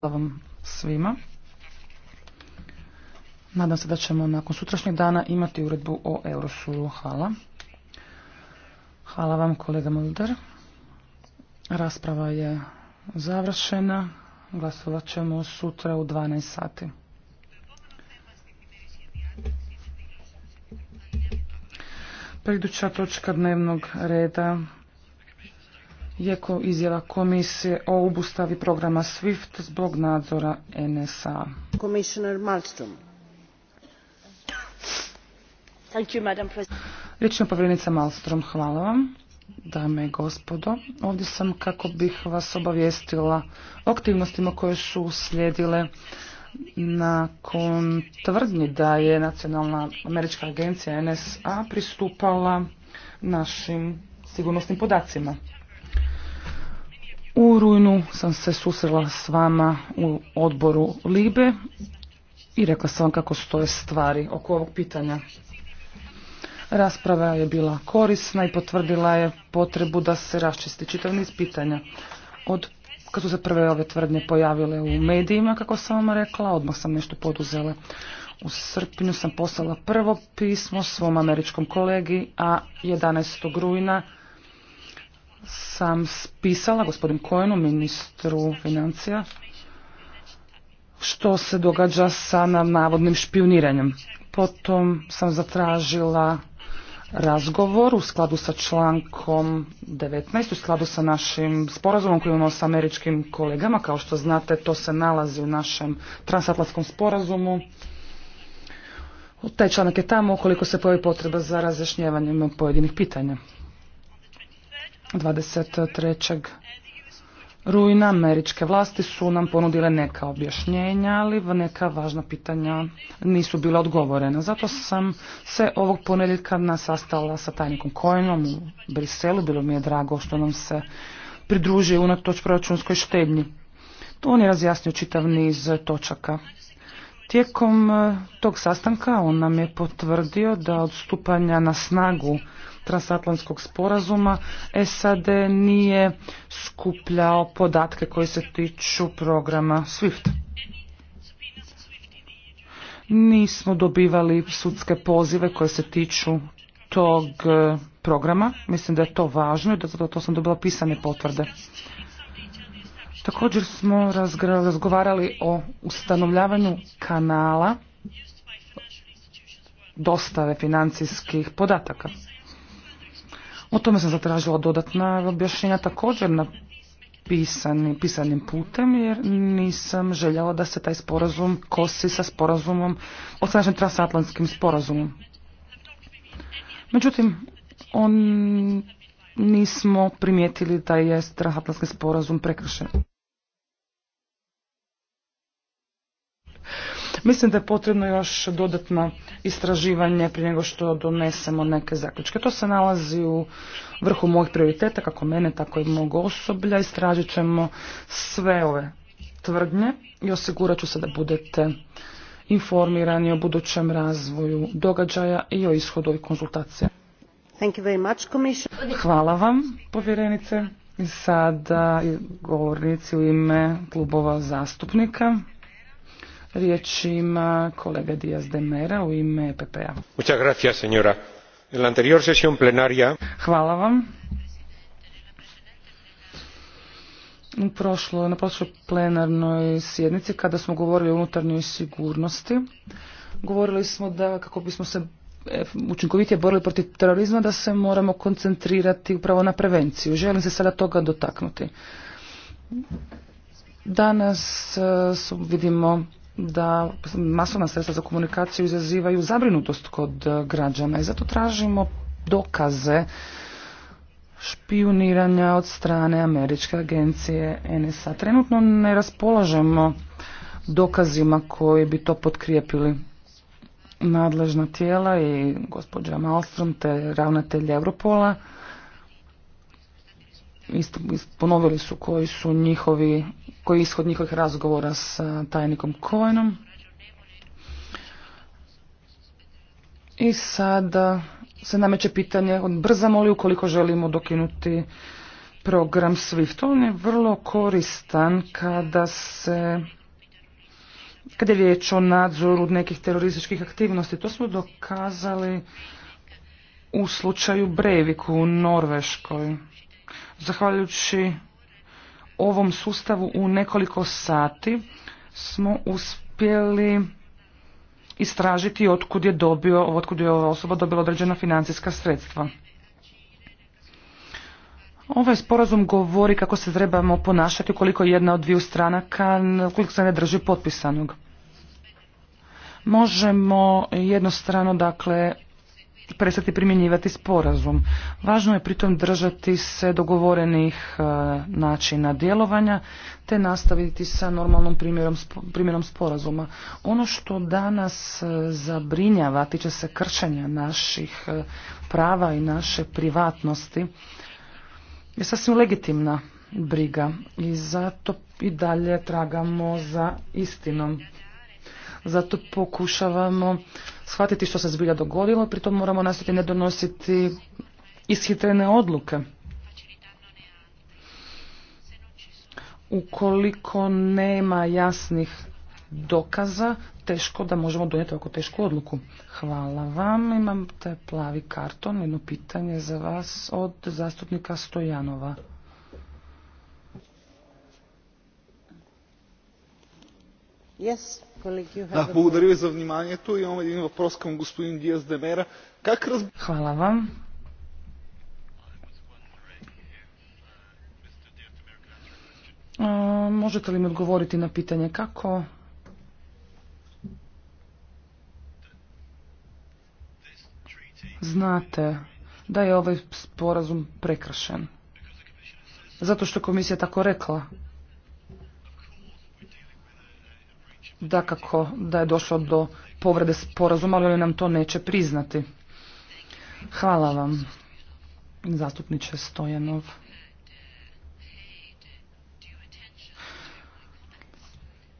Hvala vam svima. Nadam se da ćemo nakon sutrašnjeg dana imati uredbu o Eurosuru. Hvala. Hvala vam kolega Mulder. Rasprava je završena. Glasovat ćemo sutra u 12 sati. Preduća pa točka dnevnog reda je izjava komisije o obustavi programa SWIFT zbog nadzora NSA. Riječ je povjerenica Malstrom, hvala vam. Dame i gospodo, ovdje sam kako bih vas obavijestila o aktivnostima koje su slijedile nakon tvrdnji da je Nacionalna američka agencija NSA pristupala našim sigurnosnim podacima. U rujnu sam se susrela s vama u odboru Libe i rekla sam vam kako stoje stvari oko ovog pitanja. Rasprava je bila korisna i potvrdila je potrebu da se raščisti čitav niz pitanja. Od kad su se prve ove tvrdnje pojavile u medijima, kako sam vam rekla, odmah sam nešto poduzela. U srpnju sam poslala prvo pismo svom američkom kolegi, a 11. rujna sam spisala gospodinu Kojenu, ministru financija, što se događa sa navodnim špioniranjem. Potom sam zatražila razgovor u skladu sa člankom 19, u skladu sa našim sporazumom koji imamo sa američkim kolegama. Kao što znate, to se nalazi u našem transatlantskom sporazumu. Taj članak je tamo koliko se pojavi potreba za razjašnjavanjem pojedinih pitanja. 23. rujna američke vlasti su nam ponudile neka objašnjenja, ali neka važna pitanja nisu bila odgovorena. Zato sam se ovog ponedjeljka nasastala sa tajnikom kojnom u Briselu. Bilo mi je drago što nam se pridružio unatoč proračunskoj štednji. To on je razjasnio čitav niz točaka. Tijekom eh, tog sastanka on nam je potvrdio da odstupanja na snagu transatlantskog sporazuma SAD nije skupljao podatke koji se tiču programa SWIFT. Nismo dobivali sudske pozive koje se tiču tog e, programa. Mislim da je to važno i da zato to sam dobila pisane potvrde. Također smo razgovarali o ustanovljavanju kanala dostave financijskih podataka. O tome sam zatražila dodatna objašnjenja također na pisani, pisanim putem jer nisam željela da se taj sporazum kosi sa sporazumom, odsadašnjim transatlantskim sporazumom. Međutim, on nismo primijetili da je transatlantski sporazum prekršen. Mislim da je potrebno još dodatno istraživanje prije nego što donesemo neke zaključke. To se nalazi u vrhu mojih prioriteta, kako mene, tako i mog osoblja. Istražit ćemo sve ove tvrdnje i osigurat ću se da budete informirani o budućem razvoju događaja i o ishodu ovih konzultacija. Thank you very much, Hvala vam, povjerenice. Sada govornici u ime klubova zastupnika. Riječ ima kolega Diaz de Mera u ime EPP-a. Hvala vam. U prošlo, na prošloj plenarnoj sjednici kada smo govorili o unutarnjoj sigurnosti, govorili smo da kako bismo se e, učinkovitije borili protiv terorizma da se moramo koncentrirati upravo na prevenciju. Želim se sada toga dotaknuti. Danas e, vidimo da masovna sredstva za komunikaciju izazivaju zabrinutost kod e, građana i zato tražimo dokaze špioniranja od strane američke agencije NSA. Trenutno ne raspolažemo dokazima koji bi to potkrijepili nadležna tijela i gospođa Malstrom te ravnatelj Europola ponovili su koji su njihovi koji je ishod njihovih razgovora sa eh, tajnikom Kojenom. I sada se nameće pitanje, brzamo li ukoliko želimo dokinuti program SWIFT. On je vrlo koristan kada se kada je riječ o nadzoru nekih terorističkih aktivnosti. To smo dokazali u slučaju Breivik u Norveškoj. Zahvaljujući ovom sustavu u nekoliko sati smo uspjeli istražiti otkud je dobio, otkud je ova osoba dobila određena financijska sredstva. Ovaj sporazum govori kako se trebamo ponašati ukoliko jedna od dviju stranaka, ukoliko se ne drži potpisanog. Možemo jednostrano, dakle, prestati primjenjivati sporazum. Važno je pritom držati se dogovorenih e, načina djelovanja te nastaviti sa normalnom primjerom, sporazuma. Ono što danas e, zabrinjava tiče se kršenja naših e, prava i naše privatnosti je sasvim legitimna briga i zato i dalje tragamo za istinom. Zato pokušavamo shvatiti što se zbilja dogodilo pri pritom moramo nastaviti ne donositi ishitrene odluke. Ukoliko nema jasnih dokaza, teško da možemo donijeti ovako tešku odluku. Hvala vam. Imam te plavi karton, jedno pitanje za vas od zastupnika Stojanova. Благодаря ви за вниманието. i един въпрос към господин Диас Демера. Как раз... Хвала možete li mi odgovoriti na pitanje kako znate da je ovaj sporazum prekršen? Zato što komisija tako rekla. da kako da je došlo do povrede sporazuma, ali nam to neće priznati. Hvala vam, zastupniče Stojanov.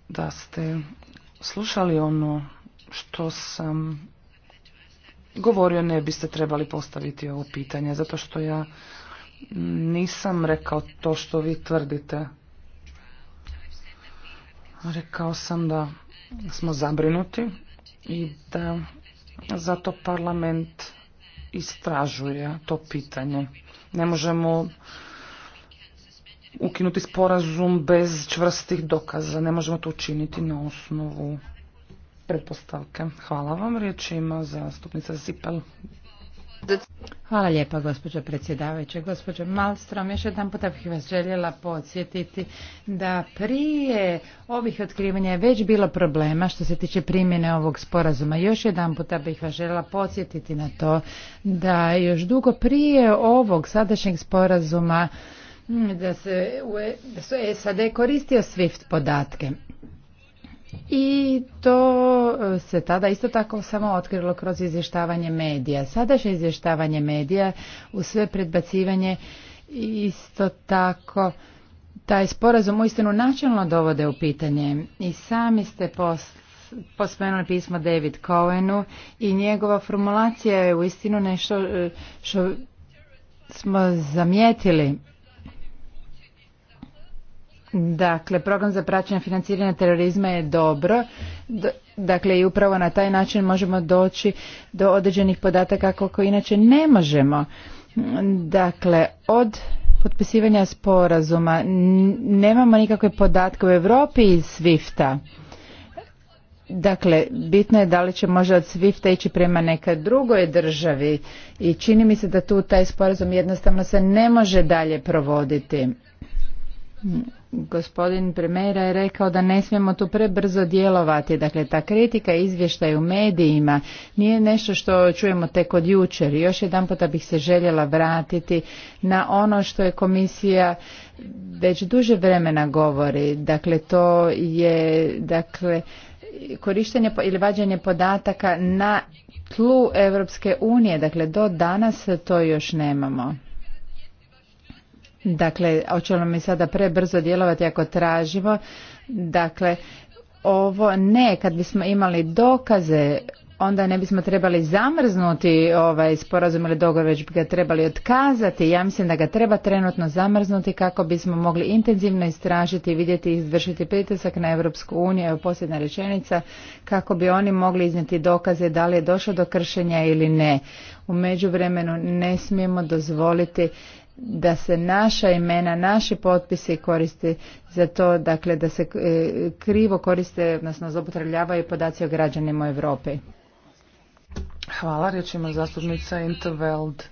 Da ste slušali ono što sam govorio, ne biste trebali postaviti ovo pitanje, zato što ja nisam rekao to što vi tvrdite. Rekao sam da smo zabrinuti i da zato parlament istražuje to pitanje. Ne možemo ukinuti sporazum bez čvrstih dokaza. Ne možemo to učiniti na osnovu pretpostavke. Hvala vam. Riječ ima zastupnica Zipel. Hvala lijepa gospođo predsjedavajuća. Gospođo Malstrom, još jedan puta bih vas željela podsjetiti da prije ovih otkrivanja je već bilo problema što se tiče primjene ovog sporazuma. Još jedan puta bih vas željela podsjetiti na to da još dugo prije ovog sadašnjeg sporazuma mm, da, se, e- su SAD koristio SWIFT podatke i to e, se tada isto tako samo otkrilo kroz izvještavanje medija. Sadašnje izvještavanje medija u sve predbacivanje isto tako taj sporazum uistinu načelno dovode u pitanje i sami ste post pismo David Cohenu i njegova formulacija je uistinu nešto e, što smo zamijetili Dakle, program za praćenje financiranja terorizma je dobro. Dakle, i upravo na taj način možemo doći do određenih podataka kako inače ne možemo. Dakle, od potpisivanja sporazuma nemamo nikakve podatke u Europi iz Swifta. Dakle, bitno je da li će možda od Swifta ići prema nekoj drugoj državi i čini mi se da tu taj sporazum jednostavno se ne može dalje provoditi. Gospodin premijera je rekao da ne smijemo tu prebrzo djelovati. Dakle, ta kritika izvještaja u medijima nije nešto što čujemo tek od jučer. Još jedan puta bih se željela vratiti na ono što je komisija već duže vremena govori. Dakle, to je dakle, korištenje ili vađenje podataka na tlu Europske unije. Dakle, do danas to još nemamo. Dakle, hoćemo mi sada prebrzo djelovati ako tražimo. Dakle, ovo ne, kad bismo imali dokaze onda ne bismo trebali zamrznuti ovaj sporazum ili dogovor, već bi ga trebali otkazati. Ja mislim da ga treba trenutno zamrznuti kako bismo mogli intenzivno istražiti, vidjeti i izvršiti pritisak na Europsku uniju. Evo posljedna rečenica, kako bi oni mogli iznijeti dokaze da li je došlo do kršenja ili ne. U međuvremenu ne smijemo dozvoliti da se naša imena, naši potpisi koriste za to, dakle da se e, krivo koriste, odnosno zloupotrebljavaju podaci o građanima Europe. Hvala, riječ ima zastupnica Interveld.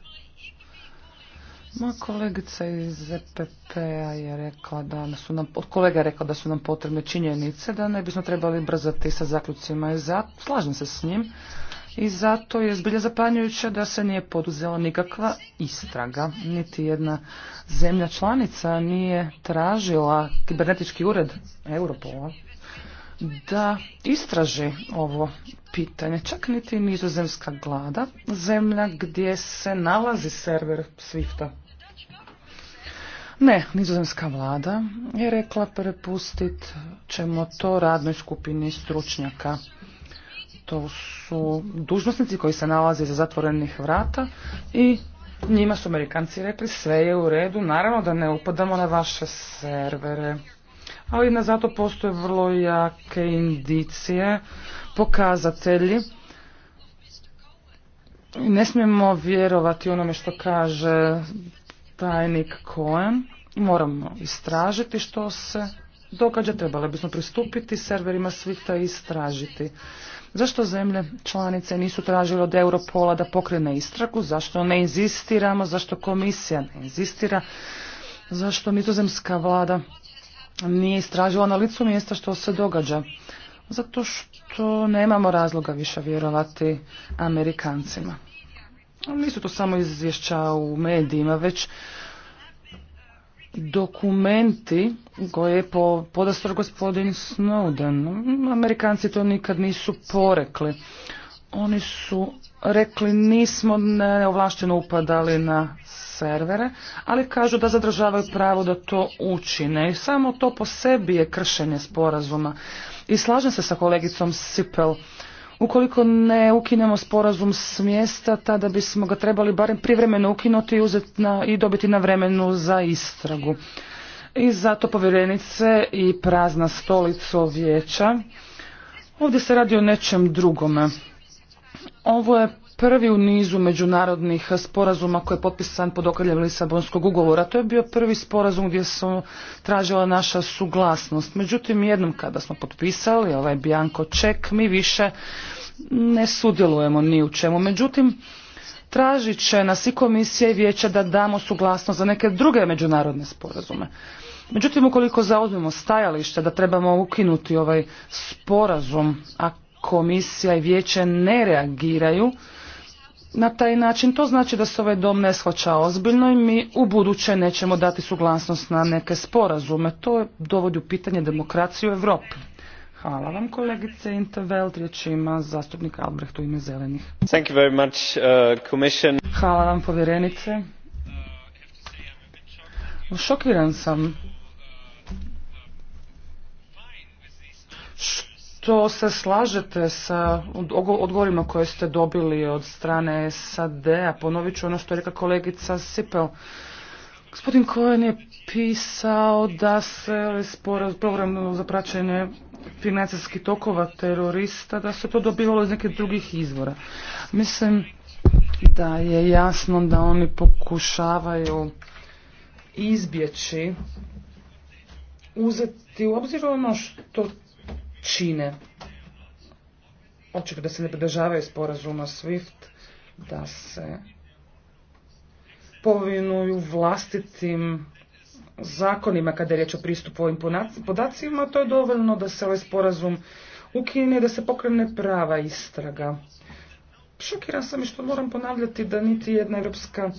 kolegica iz EPP-a je rekla da su nam, kolega je rekao da su nam potrebne činjenice, da ne bismo trebali brzati sa zaključcima i za, slažem se s njim i zato je zbilja zapanjujuće da se nije poduzela nikakva istraga. Niti jedna zemlja članica nije tražila kibernetički ured Europola da istraži ovo pitanje. Čak niti nizozemska vlada, zemlja gdje se nalazi server Swifta. Ne, nizozemska vlada je rekla prepustit ćemo to radnoj skupini stručnjaka to su dužnosnici koji se nalaze za zatvorenih vrata i njima su Amerikanci rekli sve je u redu, naravno da ne upadamo na vaše servere. Ali na zato postoje vrlo jake indicije, pokazatelji. Ne smijemo vjerovati onome što kaže tajnik Cohen. Moramo istražiti što se događa. Trebali bismo pristupiti serverima svih ta istražiti. Zašto zemlje članice nisu tražile od Europola da pokrene istragu? Zašto ne inzistiramo? Zašto komisija ne inzistira? Zašto nizozemska vlada nije istražila na licu mjesta što se događa? Zato što nemamo razloga više vjerovati Amerikancima. Nisu to samo izvješća u medijima, već dokumenti koje je po, podastro gospodin Snowden. Amerikanci to nikad nisu porekli. Oni su rekli nismo neovlašteno upadali na servere, ali kažu da zadržavaju pravo da to učine. I samo to po sebi je kršenje sporazuma. I slažem se sa kolegicom Sipel Ukoliko ne ukinemo sporazum s mjesta, tada bismo ga trebali barem privremeno ukinuti i, i dobiti na vremenu za istragu. I zato povjerenice i prazna stolica vijeća. Ovdje se radi o nečem drugome. Ovo je prvi u nizu međunarodnih sporazuma koji je potpisan pod okriljem Lisabonskog ugovora. To je bio prvi sporazum gdje su tražila naša suglasnost. Međutim, jednom kada smo potpisali ovaj Bianco ček, mi više ne sudjelujemo ni u čemu. Međutim, tražit će nas i komisija i vijeća da damo suglasnost za neke druge međunarodne sporazume. Međutim, ukoliko zauzmemo stajalište da trebamo ukinuti ovaj sporazum, a komisija i vijeće ne reagiraju, na taj način, to znači da se ovaj dom ne shvaća ozbiljno i mi u buduće nećemo dati suglasnost na neke sporazume. To dovodi u pitanje demokraciju u Evropi. Hvala vam kolegice Intervelt, riječ ima zastupnik Albrecht u ime zelenih. Thank uh, Hvala vam povjerenice. Šokiran sam što se slažete sa odgovorima koje ste dobili od strane SAD-a? Ponovit ću ono što je rekla kolegica Sipel. Gospodin Kojen je pisao da se ovaj program za praćenje financijskih tokova terorista, da se to dobivalo iz nekih drugih izvora. Mislim da je jasno da oni pokušavaju izbjeći uzeti u obzir ono što čine. Očekaj da se ne pridržavaju sporazuma SWIFT, da se povinuju vlastitim zakonima kada je riječ o pristupu ovim podacima, to je dovoljno da se ovaj sporazum ukine i da se pokrene prava istraga. Šokiran sam i što moram ponavljati da niti jedna europska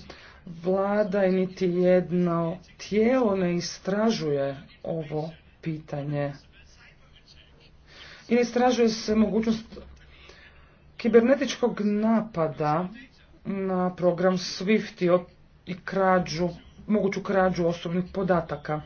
vlada i niti jedno tijelo ne istražuje ovo pitanje ili istražuje se mogućnost kibernetičkog napada na program Swift i krađu, moguću krađu osobnih podataka.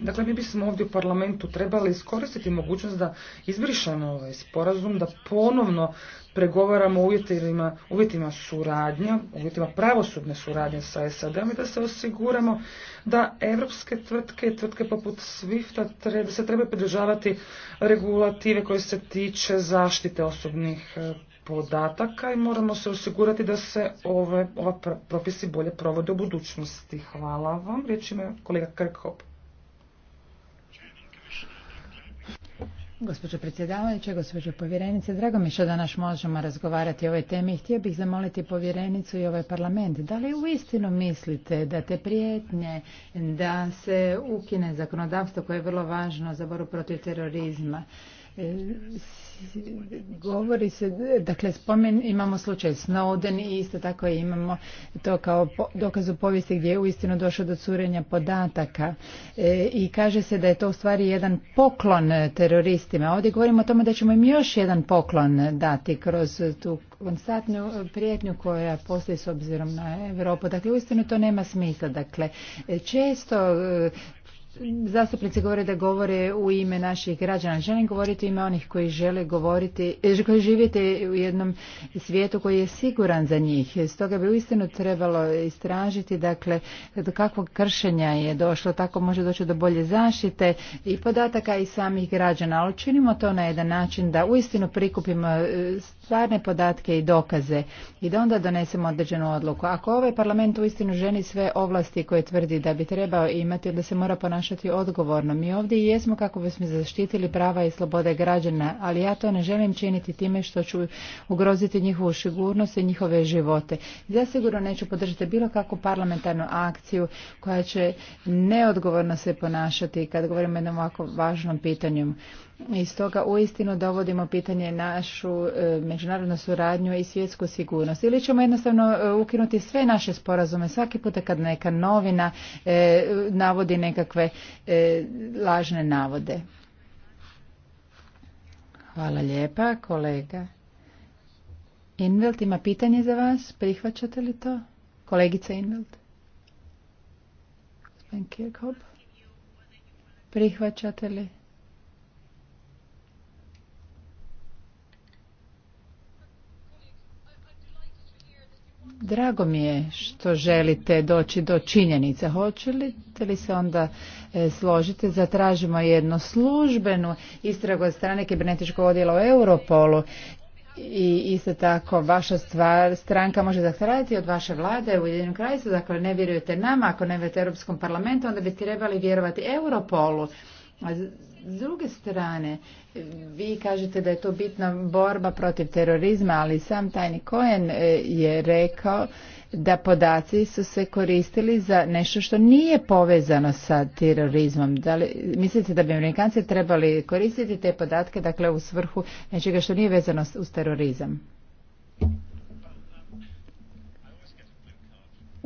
Dakle, mi bismo ovdje u parlamentu trebali iskoristiti mogućnost da izbrišemo ovaj sporazum, da ponovno pregovaramo uvjetima, uvjetima suradnja, uvjetima pravosudne suradnje sa SAD-om i da se osiguramo da evropske tvrtke tvrtke poput Swifta treba se trebaju pridržavati regulative koje se tiče zaštite osobnih e, podataka i moramo se osigurati da se ove, ova propisi bolje provode u budućnosti. Hvala vam. Riječ ima kolega Kirkhope. Gospođo predsjedavajuća, gospođo povjerenice, drago mi što danas možemo razgovarati o ovoj temi. Htio bih zamoliti povjerenicu i ovaj parlament. Da li uistinu mislite da te prijetnje da se ukine zakonodavstvo koje je vrlo važno za boru protiv terorizma? E, govori se, dakle spomen imamo slučaj Snowden i isto tako imamo to kao dokaz u povijesti gdje je uistinu došlo do curenja podataka e, i kaže se da je to u stvari jedan poklon teroristima. Ovdje govorimo o tome da ćemo im još jedan poklon dati kroz tu konstantnu prijetnju koja postoji s obzirom na Europu. Dakle, uistinu to nema smisla. Dakle, često zastupnici govore da govore u ime naših građana. Želim govoriti u ime onih koji žele govoriti, eh, koji živite u jednom svijetu koji je siguran za njih. Stoga bi uistinu trebalo istražiti dakle do kakvog kršenja je došlo, tako može doći do bolje zaštite i podataka i samih građana, ali činimo to na jedan način da uistinu prikupimo eh, stvarne podatke i dokaze i da onda donesemo određenu odluku. Ako ovaj parlament uistinu ženi sve ovlasti koje tvrdi da bi trebao imati, da se mora ponašati ponašati odgovorno. Mi ovdje jesmo kako bismo zaštitili prava i slobode građana, ali ja to ne želim činiti time što ću ugroziti njihovu sigurnost i njihove živote. Zasigurno neću podržati bilo kakvu parlamentarnu akciju koja će neodgovorno se ponašati kad govorimo o jednom ovako važnom pitanju. I stoga uistinu dovodimo pitanje našu e, međunarodnu suradnju i svjetsku sigurnost. Ili ćemo jednostavno e, ukinuti sve naše sporazume svaki puta kad neka novina e, navodi nekakve lažne navode. Hvala lijepa, kolega. Inveld ima pitanje za vas. Prihvaćate li to? Kolegica Inveld. Gospodin Prihvaćate li? Drago mi je što želite doći do činjenica. Hoćete li se onda e, složiti? Zatražimo jednu službenu istragu od strane kibernetičkog odjela u Europolu i isto tako vaša stranka može zahtraditi od vaše vlade u Ujedinjenom kraljestvu, dakle ne vjerujete nama, ako ne vjerujete Europskom parlamentu, onda bi trebali vjerovati Europolu. S druge strane, vi kažete da je to bitna borba protiv terorizma, ali sam tajni Cohen e, je rekao da podaci su se koristili za nešto što nije povezano sa terorizmom. Da li, mislite da bi Amerikanci trebali koristiti te podatke dakle u svrhu nečega što nije vezano uz terorizam?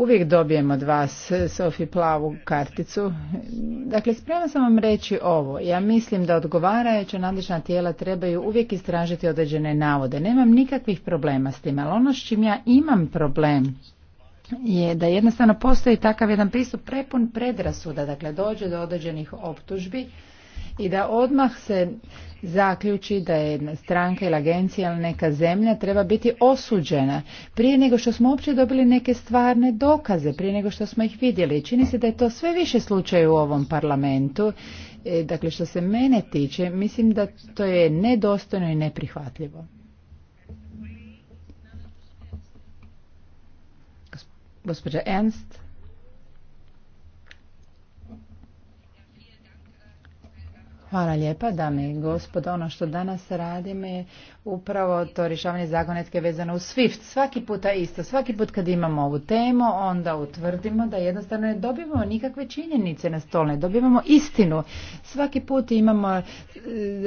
Uvijek dobijem od vas, Sofi, plavu karticu. Dakle, spremna sam vam reći ovo. Ja mislim da odgovarajuća nadležna tijela trebaju uvijek istražiti određene navode. Nemam nikakvih problema s tim, ali ono s čim ja imam problem je da jednostavno postoji takav jedan pristup prepun predrasuda. Dakle, dođe do određenih optužbi i da odmah se zaključi da je jedna stranka ili agencija ili neka zemlja treba biti osuđena prije nego što smo uopće dobili neke stvarne dokaze, prije nego što smo ih vidjeli. Čini se da je to sve više slučaj u ovom parlamentu. E, dakle, što se mene tiče, mislim da to je nedostojno i neprihvatljivo. Gospođa Ernst. Hvala lijepa, dame i gospodo. Ono što danas radimo je upravo to rješavanje zagonetke vezano u SWIFT. Svaki puta isto, svaki put kad imamo ovu temu, onda utvrdimo da jednostavno ne dobivamo nikakve činjenice na stol, ne dobivamo istinu. Svaki put imamo, e,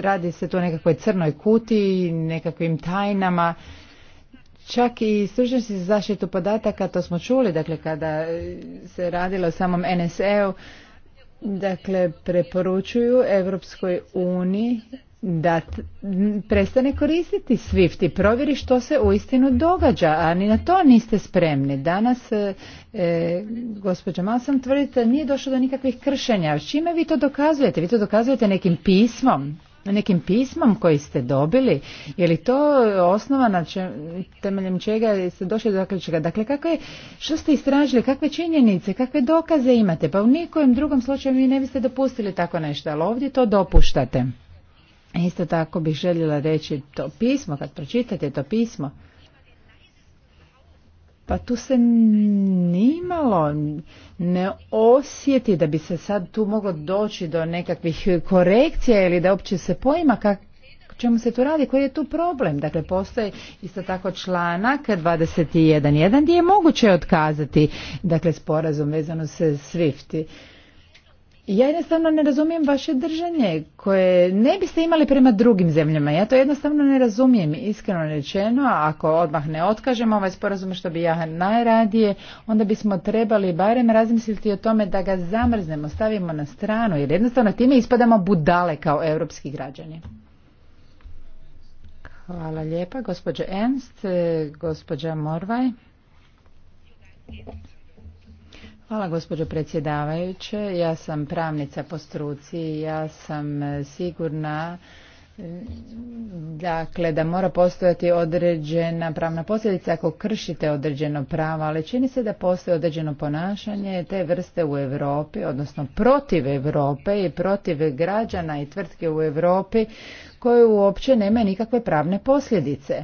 radi se tu o nekakvoj crnoj kuti, nekakvim tajnama. Čak i stručnjaci za zaštitu podataka, to smo čuli, dakle kada e, se radilo o samom NSE-u, dakle preporučuju Europskoj uniji da prestane koristiti SWIFT i provjeri što se uistinu događa, a ni na to niste spremni. Danas, e, e gospođa sam tvrdite nije došlo do nikakvih kršenja. Čime vi to dokazujete? Vi to dokazujete nekim pismom nekim pismom koji ste dobili? Je li to osnova na temeljem čega ste došli do zaključka? Dakle, kakve, što ste istražili, kakve činjenice, kakve dokaze imate? Pa u nikom drugom slučaju vi ne biste dopustili tako nešto, ali ovdje to dopuštate. Isto tako bih željela reći to pismo, kad pročitate to pismo, pa tu se nimalo ne osjeti da bi se sad tu moglo doći do nekakvih korekcija ili da uopće se pojma kak, čemu se tu radi, koji je tu problem. Dakle, postoji isto tako članak 21.1 gdje je moguće otkazati dakle, sporazum vezano se SWIFT ja jednostavno ne razumijem vaše držanje koje ne biste imali prema drugim zemljama. Ja to jednostavno ne razumijem, iskreno rečeno. Ako odmah ne otkažemo ovaj sporazum što bi ja najradije, onda bismo trebali barem razmisliti o tome da ga zamrznemo, stavimo na stranu, jer jednostavno time ispadamo budale kao europski građani. Hvala lijepa, gospođa Ernst, gospođa Morvaj. Hvala gospođo predsjedavajuće. Ja sam pravnica po struci ja sam e, sigurna e, Dakle, da mora postojati određena pravna posljedica ako kršite određeno pravo, ali čini se da postoje određeno ponašanje te vrste u Europi, odnosno protiv Europe i protiv građana i tvrtke u Europi koje uopće nema nikakve pravne posljedice.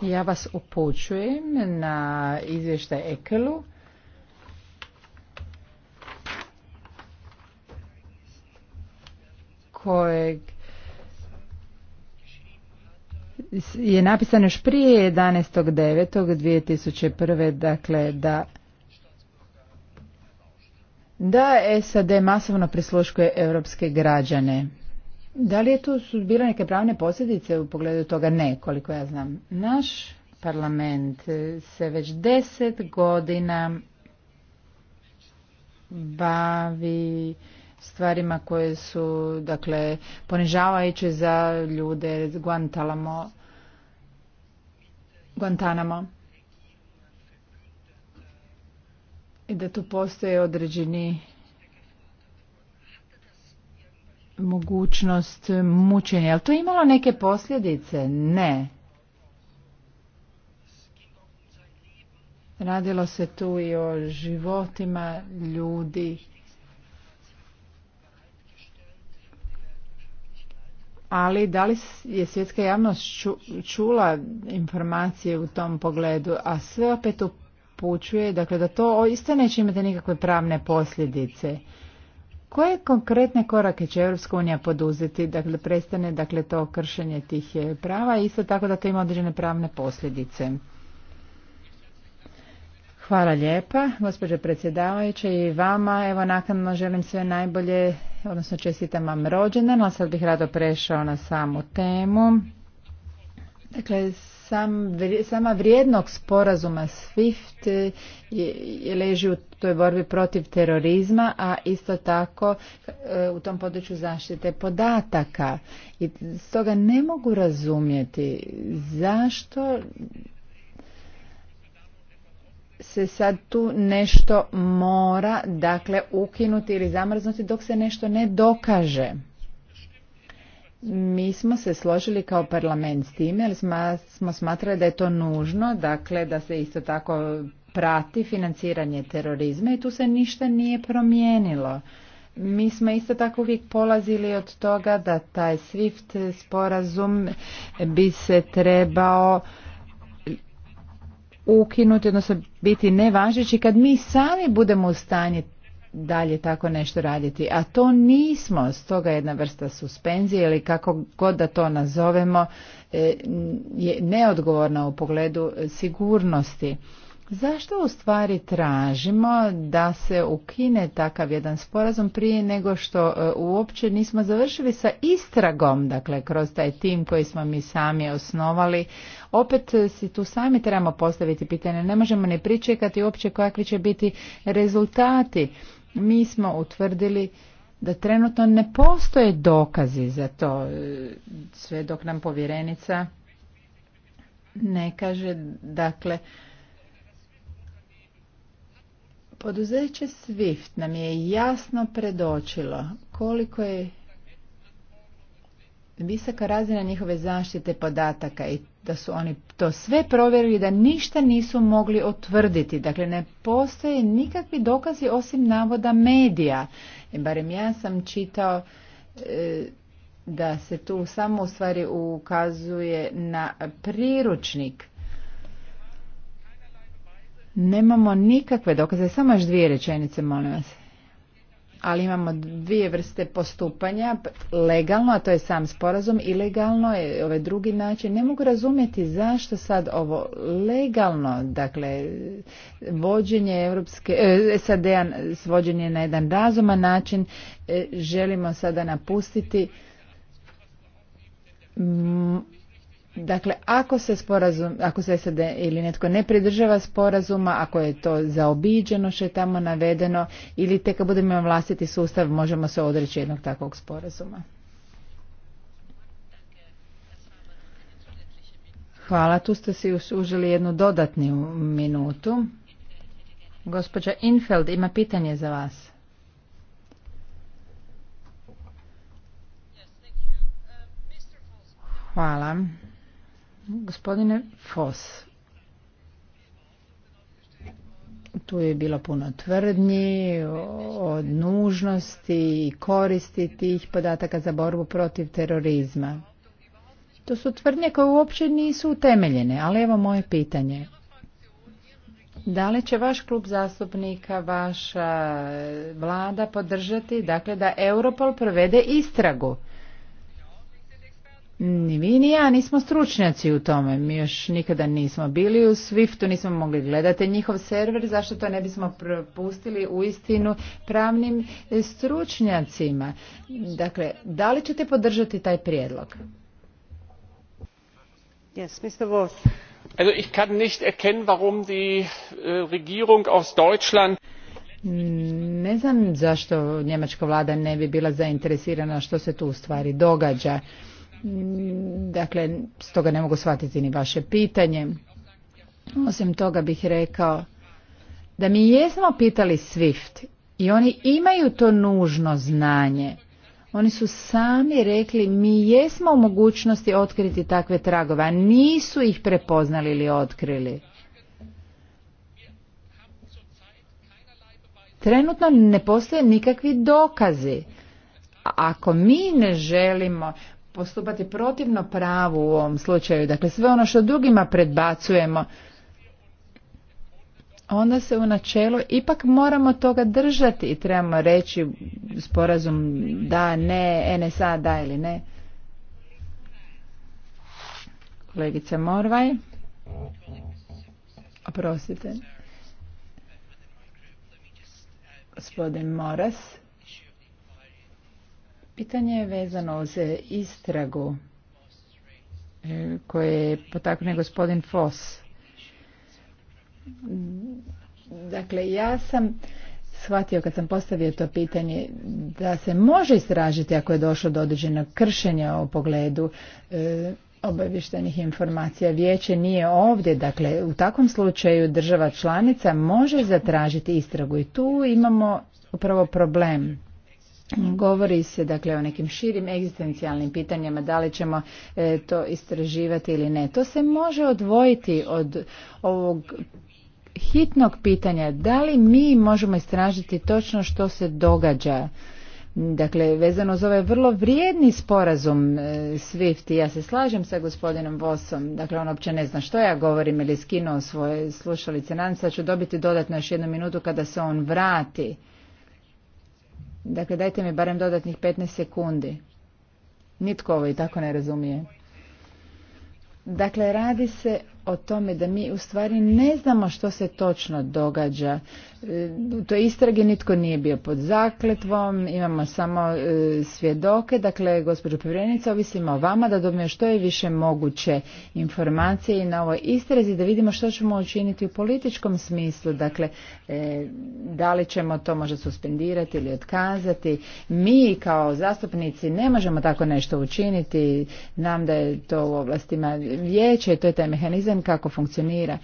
Ja vas upućujem na izvještaj Ekelu. kojeg je napisano još prije 11.9.2001. dakle da da SAD masovno prisluškuje europske građane. Da li je tu bile neke pravne posljedice u pogledu toga? Ne, koliko ja znam. Naš parlament se već deset godina bavi stvarima koje su dakle ponižavajuće za ljude Guantanamo Guantanamo i da tu postoje određeni mogućnost mučenja. Jel to imalo neke posljedice? Ne. Radilo se tu i o životima ljudi. Ali da li je svjetska javnost čula informacije u tom pogledu, a sve opet upućuje dakle, da to isto neće imati nikakve pravne posljedice. Koje konkretne korake će Europska unija poduzeti, dakle prestane dakle to kršenje tih e, prava i isto tako da to ima određene pravne posljedice? Hvala lijepa, gospođo predsjedavajuće i vama. Evo nakon želim sve najbolje, odnosno čestitam vam rođendan, ali sad bih rado prešao na samu temu. Dakle, sam, sama vrijednog sporazuma SWIFT e, je, je leži u toj borbi protiv terorizma, a isto tako e, u tom području zaštite podataka. I stoga ne mogu razumjeti zašto se sad tu nešto mora dakle ukinuti ili zamrznuti dok se nešto ne dokaže. Mi smo se složili kao parlament s time, ali smo smatrali da je to nužno, dakle da se isto tako prati financiranje terorizma i tu se ništa nije promijenilo. Mi smo isto tako uvijek polazili od toga da taj SWIFT sporazum bi se trebao ukinuti, odnosno biti nevažeći kad mi sami budemo u stanju dalje tako nešto raditi. A to nismo, stoga jedna vrsta suspenzije ili kako god da to nazovemo e, je neodgovorna u pogledu sigurnosti. Zašto u stvari tražimo da se ukine takav jedan sporazum prije nego što e, uopće nismo završili sa istragom, dakle kroz taj tim koji smo mi sami osnovali. Opet e, si tu sami trebamo postaviti pitanje, ne možemo ne pričekati uopće kakvi će biti rezultati. Mi smo utvrdili da trenutno ne postoje dokazi za to, e, sve dok nam povjerenica ne kaže, dakle, Poduzeće SWIFT nam je jasno predočilo koliko je visoka razina njihove zaštite podataka i da su oni to sve provjerili da ništa nisu mogli otvrditi. Dakle, ne postoje nikakvi dokazi osim navoda medija. I e, barem ja sam čitao e, da se tu samo u stvari ukazuje na priručnik Nemamo nikakve dokaze, samo još dvije rečenice, molim vas. Ali imamo dvije vrste postupanja, legalno, a to je sam sporazum, ilegalno je ovaj drugi način. Ne mogu razumjeti zašto sad ovo legalno, dakle, vođenje Europske, e, SAD-a svođenje na jedan razuman način, e, želimo sada napustiti Dakle, ako se sporazum, ako se SAD ili netko ne pridržava sporazuma, ako je to zaobiđeno što je tamo navedeno ili tek kad budemo imati vlastiti sustav možemo se odreći jednog takvog sporazuma. Hvala, tu ste si užili jednu dodatnu minutu. Gospođa Infeld ima pitanje za vas. Hvala. Gospodine Fos, tu je bilo puno tvrdnji od nužnosti i koristi tih podataka za borbu protiv terorizma. To su tvrdnje koje uopće nisu utemeljene, ali evo moje pitanje. Da li će vaš klub zastupnika, vaša vlada podržati dakle, da Europol provede istragu? Ni vi ni ja nismo stručnjaci u tome, mi još nikada nismo bili u Swiftu, nismo mogli gledati njihov server, zašto to ne bismo propustili u istinu pravnim e, stručnjacima. Dakle, da li ćete podržati taj prijedlog? Yes, Mr. Also ich kann nicht erkennen, warum die äh, Regierung aus Deutschland ne znam zašto njemačka vlada ne bi bila zainteresirana što se tu u stvari događa. Mm, dakle, stoga ne mogu shvatiti ni vaše pitanje. Osim toga bih rekao da mi jesmo pitali SWIFT i oni imaju to nužno znanje. Oni su sami rekli mi jesmo u mogućnosti otkriti takve tragove, a nisu ih prepoznali ili otkrili. Trenutno ne postoje nikakvi dokazi. Ako mi ne želimo postupati protivno pravu u ovom slučaju, dakle sve ono što drugima predbacujemo, onda se u načelu ipak moramo toga držati i trebamo reći sporazum da, ne, NSA da ili ne. Kolegice Morvaj. Oprostite. Gospodin Moras. Pitanje je vezano za istragu e, koje je potaknuo gospodin Foss. Dakle, ja sam shvatio kad sam postavio to pitanje da se može istražiti ako je došlo do određenog kršenja u pogledu e, informacija. Vijeće nije ovdje, dakle u takvom slučaju država članica može zatražiti istragu i tu imamo upravo problem. Govori se dakle o nekim širim egzistencijalnim pitanjima, da li ćemo e, to istraživati ili ne. To se može odvojiti od ovog hitnog pitanja da li mi možemo istražiti točno što se događa. Dakle, vezano uz ovaj vrlo vrijedni sporazum e, SWIFT i ja se slažem sa gospodinom Vosom, dakle on uopće ne zna što ja govorim ili skinuo svoje slušalice, nadam se da ću dobiti dodatno još jednu minutu kada se on vrati. Dakle, dajte mi barem dodatnih 15 sekundi. Nitko ovo i tako ne razumije. Dakle, radi se o tome da mi u stvari ne znamo što se točno događa. E, u toj istragi nitko nije bio pod zakletvom, imamo samo e, svjedoke, dakle gospođo povjerenica ovisimo o vama da dobijemo što je više moguće informacije i na ovoj istrazi da vidimo što ćemo učiniti u političkom smislu, dakle e, da li ćemo to možda suspendirati ili otkazati. Mi kao zastupnici ne možemo tako nešto učiniti, Nam da je to u ovlastima vijeće, to je taj mehanizam kako funkcionira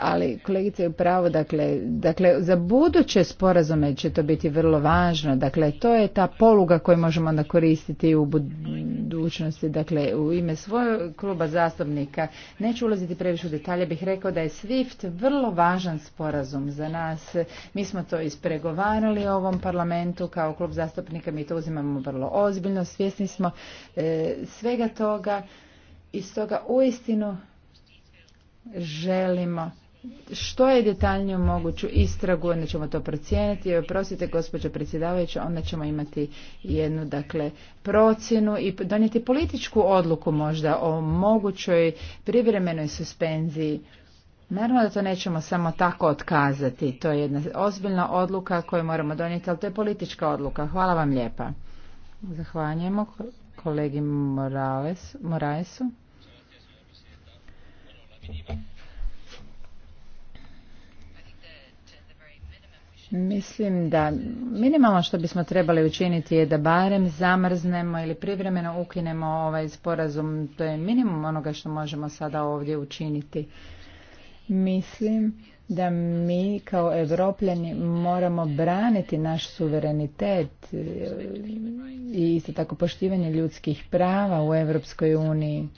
ali kolegice je pravo dakle, dakle za buduće sporazume će to biti vrlo važno dakle to je ta poluga koju možemo onda koristiti u budućnosti dakle u ime svojeg kluba zastupnika neću ulaziti previše u detalje bih rekao da je SWIFT vrlo važan sporazum za nas mi smo to ispregovarali u ovom parlamentu kao klub zastupnika mi to uzimamo vrlo ozbiljno svjesni smo e, svega toga i stoga uistinu želimo što je detaljniju moguću istragu, onda ćemo to procijeniti. I prosite gospođo predsjedavajuća, onda ćemo imati jednu dakle, procjenu i donijeti političku odluku možda o mogućoj privremenoj suspenziji. Naravno da to nećemo samo tako otkazati. To je jedna ozbiljna odluka koju moramo donijeti, ali to je politička odluka. Hvala vam lijepa. Zahvaljujemo kolegi Moraesu. Mislim da minimalno što bismo trebali učiniti je da barem zamrznemo ili privremeno ukinemo ovaj sporazum. To je minimum onoga što možemo sada ovdje učiniti. Mislim da mi kao Europljani moramo braniti naš suverenitet eh, i isto tako poštivanje ljudskih prava u Europskoj uniji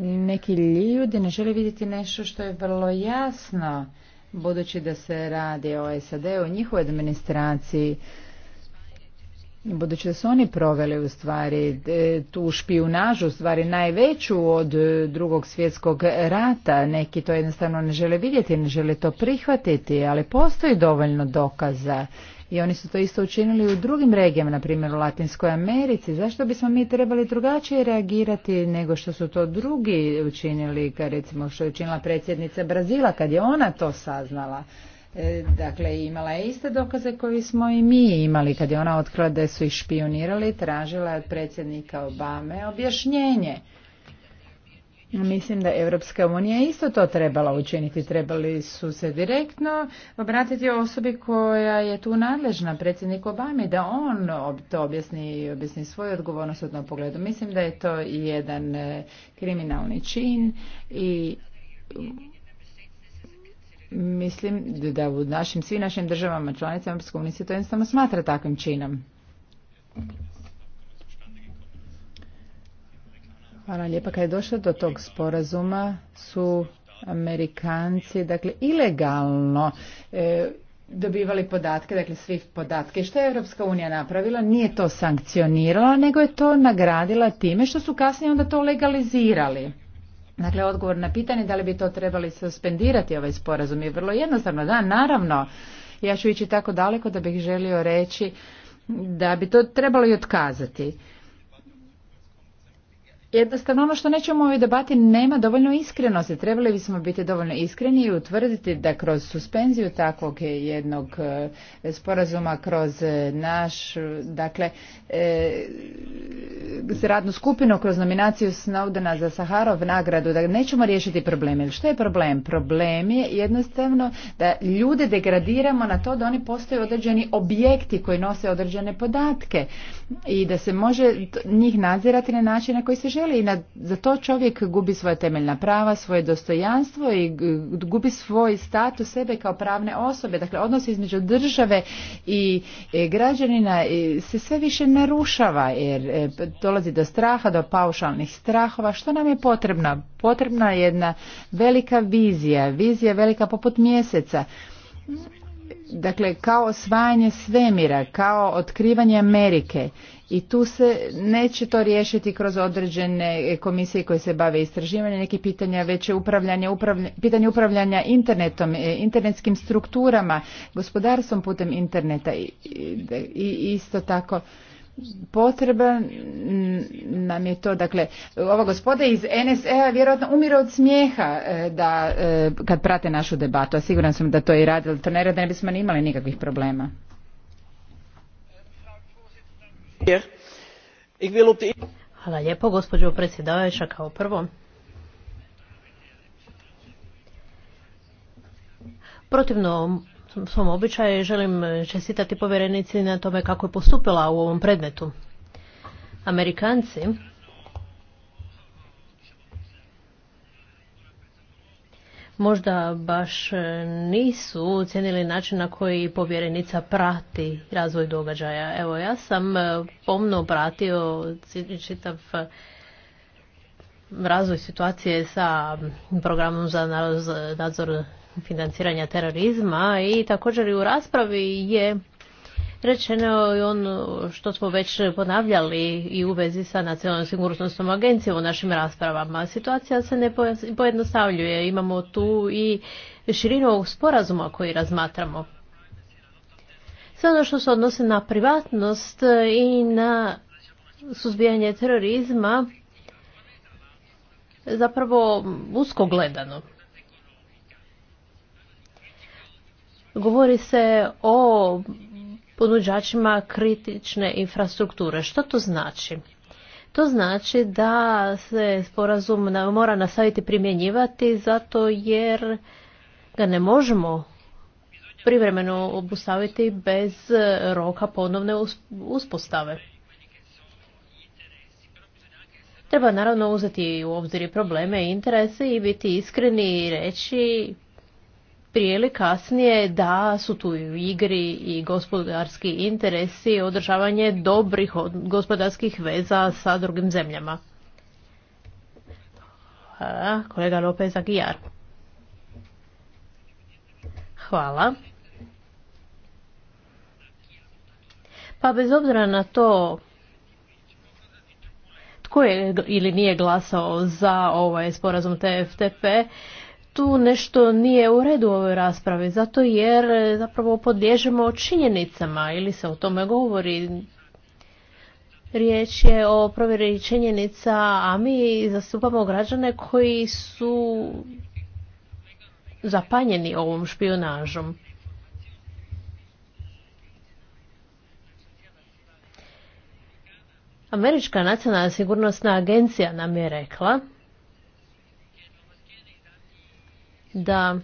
neki ljudi ne žele vidjeti nešto što je vrlo jasno, budući da se radi o sad o njihovoj administraciji, budući da su oni proveli u stvari e, tu špijunažu, u stvari najveću od drugog svjetskog rata. Neki to jednostavno ne žele vidjeti, ne žele to prihvatiti, ali postoji dovoljno dokaza i oni su to isto učinili u drugim regijama, na primjer u Latinskoj Americi. Zašto bismo mi trebali drugačije reagirati nego što su to drugi učinili, kad recimo što je učinila predsjednica Brazila kad je ona to saznala? E, dakle, imala je iste dokaze koje smo i mi imali kad je ona otkrila da su ih špionirali, tražila je od predsjednika Obame objašnjenje. Mislim da Evropska unija isto to trebala učiniti. Trebali su se direktno obratiti osobi koja je tu nadležna, predsjednik Obame, da on to objasni i objasni svoju odgovornost u tom pogledu. Mislim da je to jedan e, kriminalni čin i mislim da u našim, svim našim državama članicama Europske se to jednostavno smatra takvim činom. Hvala lijepa. Kad je došlo do tog sporazuma su Amerikanci, dakle, ilegalno e, dobivali podatke, dakle svih podatke. Što je Europska unija napravila? Nije to sankcionirala, nego je to nagradila time što su kasnije onda to legalizirali. Dakle, odgovor na pitanje da li bi to trebali suspendirati ovaj sporazum je vrlo jednostavno. Da, naravno, ja ću ići tako daleko da bih želio reći da bi to trebalo i otkazati jednostavno ono što nećemo u ovoj debati nema dovoljno iskrenosti. Trebali bismo biti dovoljno iskreni i utvrditi da kroz suspenziju takvog jednog e, sporazuma, kroz e, naš, dakle, e, radnu skupinu, kroz nominaciju Snowdena za Saharov nagradu, da nećemo riješiti probleme. Što je problem? Problem je jednostavno da ljude degradiramo na to da oni postaju određeni objekti koji nose određene podatke i da se može njih nadzirati na način na koji se želi i na, za to čovjek gubi svoje temeljna prava, svoje dostojanstvo i gubi svoj status sebe kao pravne osobe. Dakle, odnos između države i e, građanina e, se sve više narušava jer e, dolazi do straha, do paušalnih strahova. Što nam je potrebno? Potrebna je jedna velika vizija, vizija velika poput mjeseca dakle kao osvajanje svemira, kao otkrivanje Amerike i tu se neće to riješiti kroz određene komisije koje se bave istraživanjem nekih pitanja, već je upravljanje, pitanje upravljanja internetom, e, internetskim strukturama, gospodarstvom putem interneta i, i, i isto tako potreba nam je to, dakle, ova gospoda iz NSA a vjerojatno umire od smijeha e, da, e, kad prate našu debatu, a siguran sam da to i radili, to ne rade, ne bismo ni imali nikakvih problema. Hvala lijepo, gospođo predsjedavajuća, kao prvo. Protivno svom običaju želim e, čestitati povjerenici na tome kako je postupila u ovom predmetu. Amerikanci možda baš nisu cijenili način na koji povjerenica prati razvoj događaja. Evo ja sam e, pomno pratio čitav e, razvoj situacije sa programom za nadzor financiranja terorizma i također i u raspravi je rečeno i ono što smo već ponavljali i u vezi sa nacionalnom sigurnosnom agencijom u našim raspravama. Situacija se ne pojednostavljuje, imamo tu i širinu ovog sporazuma koji razmatramo. Sve ono što se odnosi na privatnost i na suzbijanje terorizma zapravo usko gledano. govori se o ponuđačima kritične infrastrukture. Što to znači? To znači da se sporazum mora nastaviti primjenjivati zato jer ga ne možemo privremeno obustaviti bez roka ponovne uspostave. Treba naravno uzeti u obzir probleme i interese i biti iskreni i reći prije kasnije da su tu u igri i gospodarski interesi i održavanje dobrih gospodarskih veza sa drugim zemljama. kolega Lopez Aguiar. Hvala. Pa bez obzira na to tko je ili nije glasao za ovaj sporazum TFTP, tu nešto nije u redu u ovoj raspravi, zato jer e, zapravo podliježemo činjenicama ili se o tome govori. Riječ je o provjeri činjenica, a mi zastupamo građane koji su zapanjeni ovom špionažom. Američka nacionalna sigurnosna agencija nam je rekla da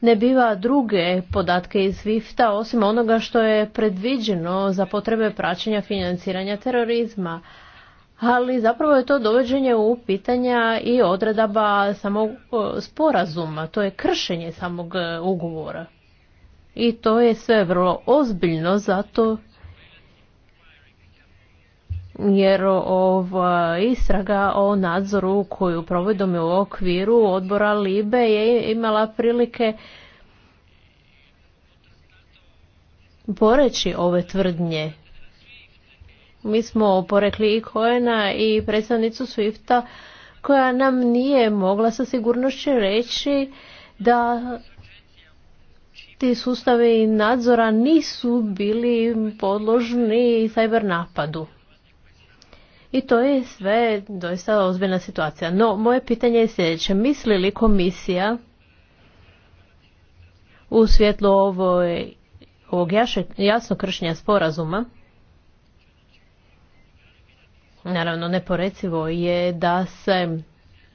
ne biva druge podatke iz VIFTA osim onoga što je predviđeno za potrebe praćenja financiranja terorizma. Ali zapravo je to doveđenje u pitanja i odredaba samog e, sporazuma, to je kršenje samog e, ugovora. I to je sve vrlo ozbiljno zato jer ova istraga o nadzoru koju je u okviru odbora Libe je imala prilike poreći ove tvrdnje. Mi smo porekli i Koena i predstavnicu Swifta koja nam nije mogla sa sigurnošću reći da ti sustavi nadzora nisu bili podložni cyber napadu. I to je sve doista ozbiljna situacija. No, moje pitanje je sljedeće. Misli li komisija u svjetlu ovoj, ovog jasno kršenja sporazuma Naravno, neporecivo je da se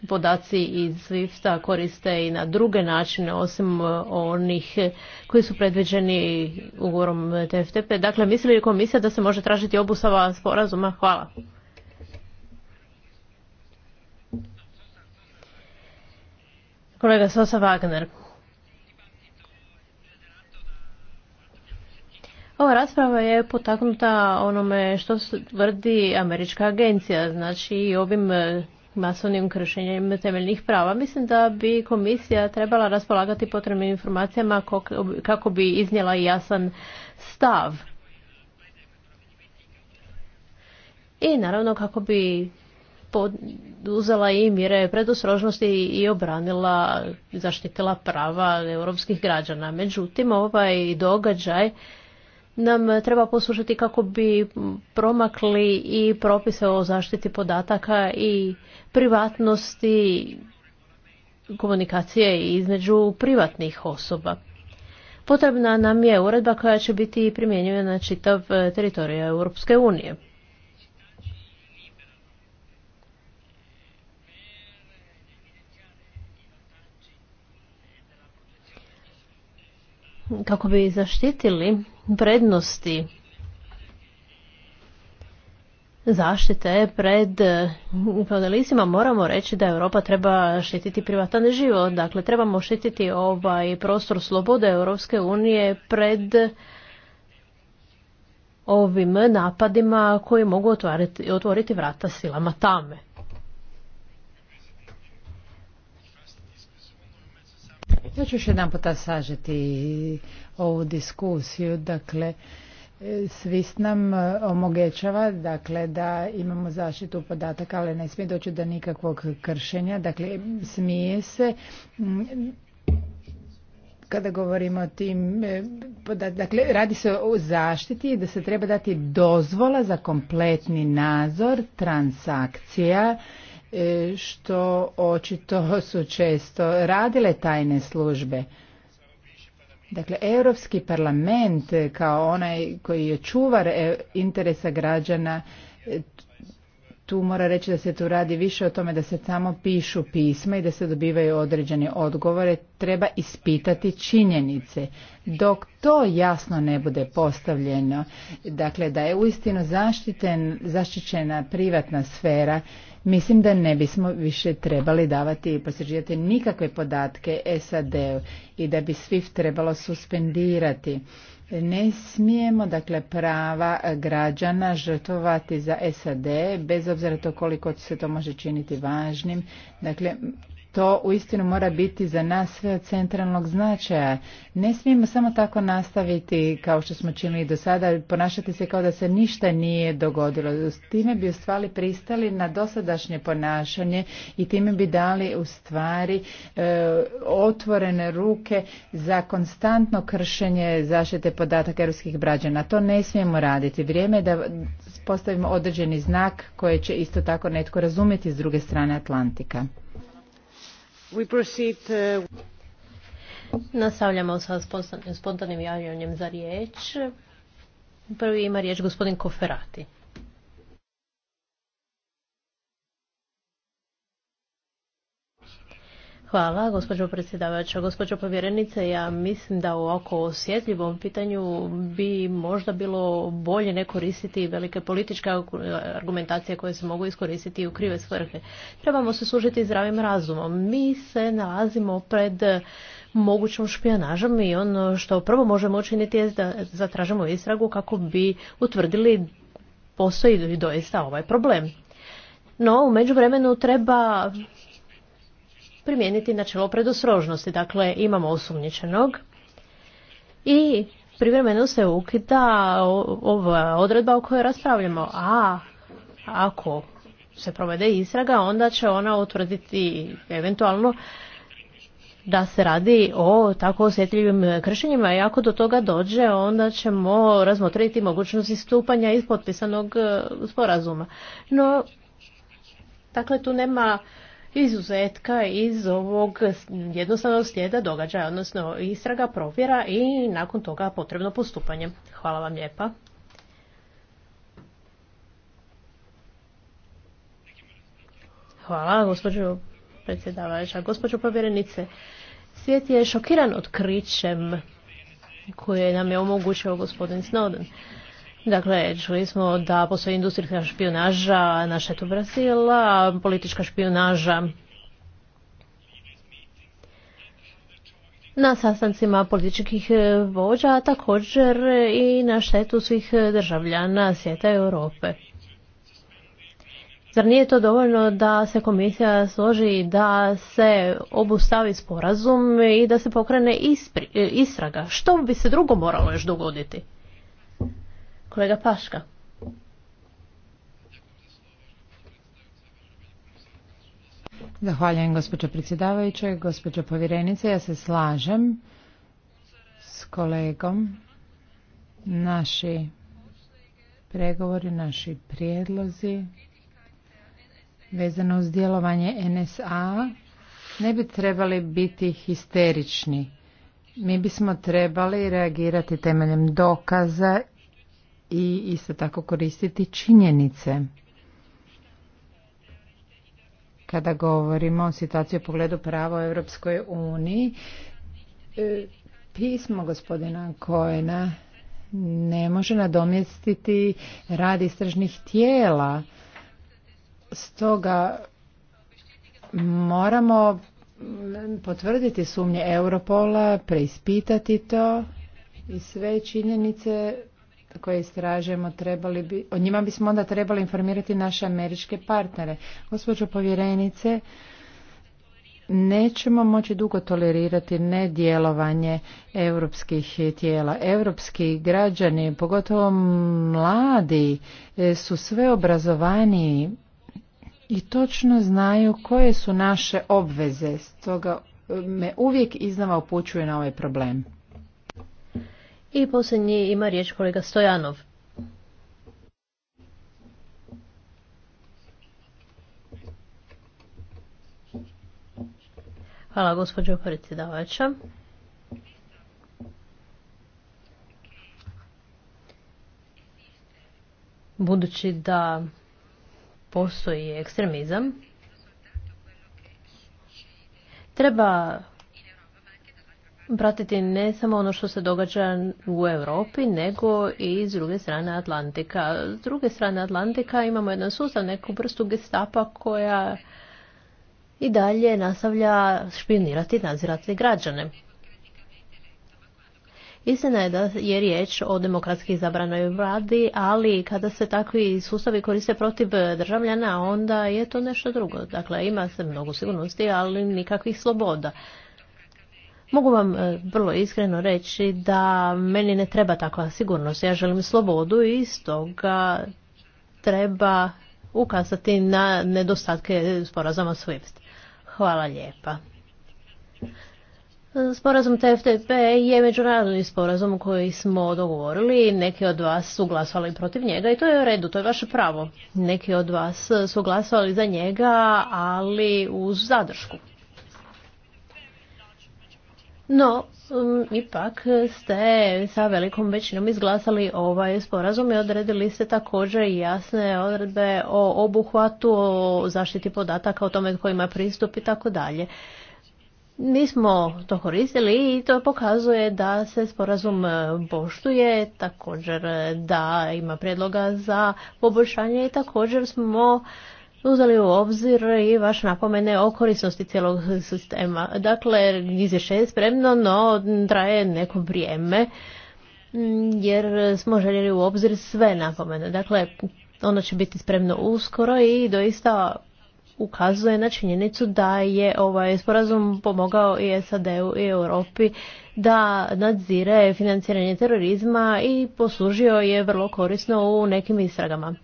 podaci iz Swifta koriste i na druge načine, osim onih koji su predviđeni ugovorom TFTP. Dakle, misli li komisija da se može tražiti obusava sporazuma? Hvala. Kolega Sosa Ova rasprava je potaknuta onome što tvrdi američka agencija, znači i ovim e, masovnim kršenjem temeljnih prava. Mislim da bi komisija trebala raspolagati potrebnim informacijama kako bi iznijela jasan stav. I naravno kako bi uzela i mire predostrožnosti i obranila, zaštitila prava europskih građana. Međutim, ovaj događaj nam treba poslušati kako bi promakli i propise o zaštiti podataka i privatnosti komunikacije između privatnih osoba. Potrebna nam je uredba koja će biti primjenjena na čitav teritorij Europske unije. kako bi zaštitili prednosti zaštite pred feudalizima moramo reći da Europa treba štititi privatan život. Dakle, trebamo štititi ovaj prostor slobode Europske unije pred ovim napadima koji mogu otvoriti, otvoriti vrata silama tame. Ja ću još jedan puta sažeti ovu diskusiju. Dakle, svist nam e, omogećava, dakle, da imamo zaštitu podataka, ali ne smije doći do nikakvog kršenja. Dakle, smije se kada govorimo o tim e, dakle radi se o zaštiti i da se treba dati dozvola za kompletni nadzor transakcija E, što očito su često radile tajne službe. Dakle, Europski parlament kao onaj koji je čuvar e, interesa građana tu mora reći da se tu radi više o tome da se samo pišu pisma i da se dobivaju određene odgovore, treba ispitati činjenice. Dok to jasno ne bude postavljeno, dakle da je uistinu zaštićena privatna sfera, mislim da ne bismo više trebali davati i posjeđivati nikakve podatke SAD-u i da bi SWIFT trebalo suspendirati. Ne smijemo dakle prava građana žrtvovati za SAD bez obzira to koliko se to može činiti važnim. Dakle to uistinu mora biti za nas sve od centralnog značaja. Ne smijemo samo tako nastaviti kao što smo činili do sada, ponašati se kao da se ništa nije dogodilo. S time bi u stvari pristali na dosadašnje ponašanje i time bi dali u stvari e, otvorene ruke za konstantno kršenje zaštite podataka europskih građana. To ne smijemo raditi. Vrijeme je da postavimo određeni znak koje će isto tako netko razumjeti s druge strane Atlantika. Uh, Nastavljamo sa spontanim javljanjem za riječ. Prvi ima riječ gospodin Koferati. Hvala, gospođo predsjedavača. Gospođo povjerenice, ja mislim da u oko osjetljivom pitanju bi možda bilo bolje ne koristiti velike političke argumentacije koje se mogu iskoristiti u krive svrhe. Trebamo se služiti zdravim razumom. Mi se nalazimo pred mogućom špionažom i ono što prvo možemo učiniti je da zatražimo istragu kako bi utvrdili postoji doista ovaj problem. No, u međuvremenu treba primijeniti načelo predostrožnosti. Dakle, imamo osumnjičenog i privremeno se ukida ova odredba o kojoj raspravljamo. A ako se provede istraga, onda će ona utvrditi eventualno da se radi o tako osjetljivim kršenjima i ako do toga dođe onda ćemo razmotriti mogućnost istupanja iz potpisanog e, sporazuma. No, dakle tu nema izuzetka iz ovog jednostavno slijeda događaja, odnosno istraga, provjera i nakon toga potrebno postupanje. Hvala vam lijepa. Hvala, gospođo predsjedavajuća. Gospođo povjerenice, svijet je šokiran otkrićem koje nam je omogućio gospodin Snowden. Dakle, čuli smo da postoji industrijska špionaža na štetu Brazila, politička špionaža na sastancima političkih vođa, a također i na štetu svih državljana svijeta Europe. Zar nije to dovoljno da se komisija složi da se obustavi sporazum i da se pokrene istraga? Što bi se drugo moralo još dogoditi? Kolega Paška. Zahvaljujem gospođo predsjedavajuće, gospođo povjerenice. Ja se slažem s kolegom. Naši pregovori, naši prijedlozi vezano uz djelovanje NSA ne bi trebali biti histerični. Mi bismo trebali reagirati temeljem dokaza i isto tako koristiti činjenice. Kada govorimo o situaciji u pogledu prava u Europskoj uniji, e, pismo gospodina Kojena ne može nadomjestiti rad istražnih tijela. Stoga moramo potvrditi sumnje Europola, preispitati to i sve činjenice koje istražujemo trebali bi, o njima bismo onda trebali informirati naše američke partnere. Gospođo povjerenice, nećemo moći dugo tolerirati nedjelovanje europskih tijela. Europski građani, pogotovo mladi, e, su sve obrazovaniji i točno znaju koje su naše obveze. Stoga e, me uvijek iznova upućuje na ovaj problem. I posljednji ima riječ kolega Stojanov. Hvala gospođo predsjedavača. Budući da postoji ekstremizam, treba pratiti ne samo ono što se događa u Europi, nego i s druge strane Atlantika. S druge strane Atlantika imamo jedan sustav, neku vrstu gestapa koja i dalje nastavlja špionirati i nadzirati građane. Istina je da je riječ o demokratski izabranoj vladi, ali kada se takvi sustavi koriste protiv državljana, onda je to nešto drugo. Dakle, ima se mnogo sigurnosti, ali nikakvih sloboda. Mogu vam e, vrlo iskreno reći da meni ne treba takva sigurnost. Ja želim slobodu i toga treba ukazati na nedostatke sporazuma SWIFT. Hvala lijepa. Sporazum TFTP je međunarodni sporazum koji smo dogovorili. Neki od vas su glasovali protiv njega i to je u redu, to je vaše pravo. Neki od vas su glasovali za njega, ali uz zadršku. No, mm, ipak ste sa velikom većinom izglasali ovaj sporazum i odredili ste također jasne odredbe o obuhvatu, o zaštiti podataka, o tome tko ima pristup i tako dalje. Mi smo to koristili i to pokazuje da se sporazum poštuje, također da ima predloga za poboljšanje i također smo uzeli u obzir i vaš napomene o korisnosti cijelog sistema. Dakle, izvješće je spremno, no traje neko vrijeme mm, jer smo željeli u obzir sve napomene. Dakle, ono će biti spremno uskoro i doista ukazuje na činjenicu da je ovaj sporazum pomogao i SAD-u i Europi da nadzire financiranje terorizma i poslužio je vrlo korisno u nekim istragama.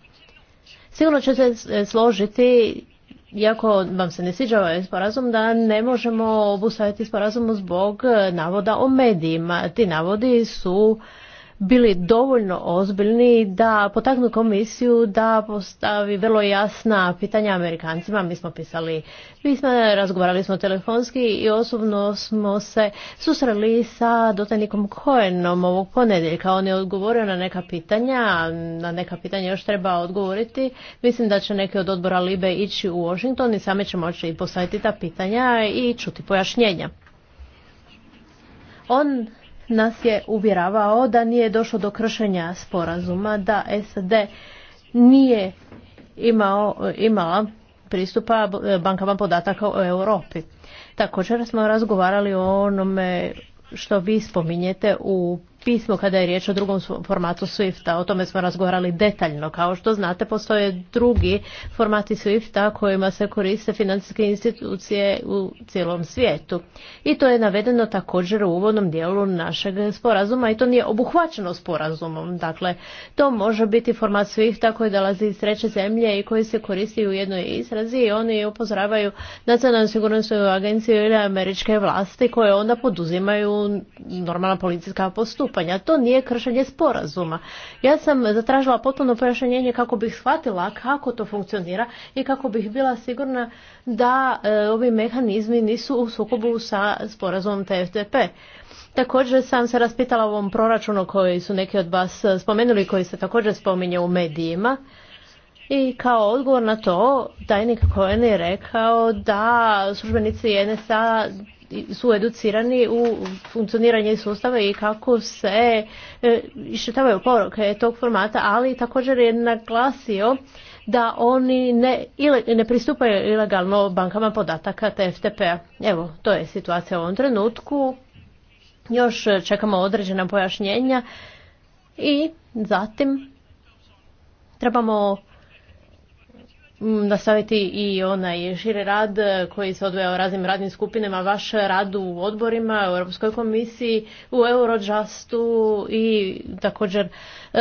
Sigurno će se e, složiti iako vam se ne sviđa ovaj sporazum, da ne možemo obustaviti sporazum zbog e, navoda o medijima. Ti navodi su bili dovoljno ozbiljni da potaknu komisiju da postavi vrlo jasna pitanja Amerikancima. Mi smo pisali pisma, razgovarali smo telefonski i osobno smo se susreli sa dotajnikom Koenom ovog ponedjeljka. On je odgovorio na neka pitanja, na neka pitanja još treba odgovoriti. Mislim da će neki od odbora Libe ići u Washington i sami će moći i postaviti ta pitanja i čuti pojašnjenja. On nas je uvjeravao da nije došlo do kršenja sporazuma, da SAD nije imao, imala pristupa bankama podataka u Europi. Također smo razgovarali o onome što vi spominjete u pismo kada je riječ o drugom formatu Swifta. O tome smo razgovarali detaljno. Kao što znate, postoje drugi formati Swifta kojima se koriste financijske institucije u cijelom svijetu. I to je navedeno također u uvodnom dijelu našeg sporazuma i to nije obuhvaćeno sporazumom. Dakle, to može biti format Swifta koji dolazi iz treće zemlje i koji se koristi u jednoj izrazi i oni upozoravaju nacionalnu sigurnosnu agenciju ili američke vlasti koje onda poduzimaju normalna policijska postupanja postupanja. To nije kršenje sporazuma. Ja sam zatražila potpuno pojašnjenje kako bih shvatila kako to funkcionira i kako bih bila sigurna da e, ovi mehanizmi nisu u sukobu sa sporazumom TFTP. Također sam se raspitala o ovom proračunu koji su neki od vas spomenuli, koji se također spominje u medijima. I kao odgovor na to, tajnik Cohen je rekao da službenici NSA su educirani u funkcioniranje sustava i kako se e, iščitavaju poruke tog formata, ali također je naglasio da oni ne, ne pristupaju ilegalno bankama podataka TFTP-a. Evo, to je situacija u ovom trenutku. Još čekamo određena pojašnjenja i zatim trebamo nastaviti i onaj širi rad koji se odveo raznim radnim skupinama, vaš rad u odborima, u Europskoj komisiji, u Eurojustu i također e,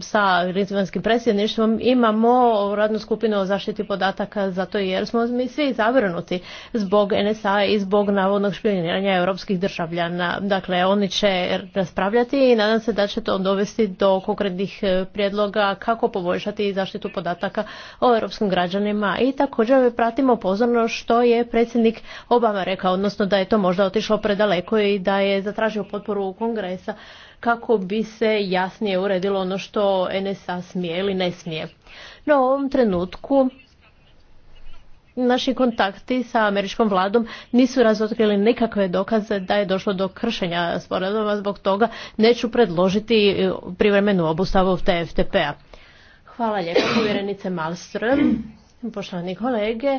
sa Litvanskim predsjedništvom imamo radnu skupinu o zaštiti podataka zato jer smo mi svi zabrinuti zbog NSA i zbog navodnog špioniranja europskih državljana. Dakle, oni će raspravljati i nadam se da će to dovesti do konkretnih e, prijedloga kako poboljšati zaštitu podataka o europskim građanima i također pratimo pozorno što je predsjednik Obama rekao, odnosno da je to možda otišlo predaleko i da je zatražio potporu kongresa kako bi se jasnije uredilo ono što NSA smije ili ne smije. No u ovom trenutku naši kontakti sa američkom vladom nisu razotkrili nikakve dokaze da je došlo do kršenja sporazuma, zbog toga neću predložiti privremenu obustavu TFTP-a. Hvala lijepo, povjerenice Malström. Poštovani kolege,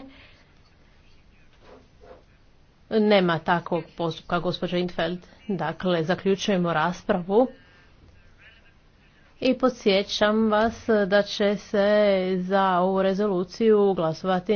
nema takvog postupka, gospođa Intfeld. Dakle, zaključujemo raspravu. I podsjećam vas da će se za ovu rezoluciju glasovati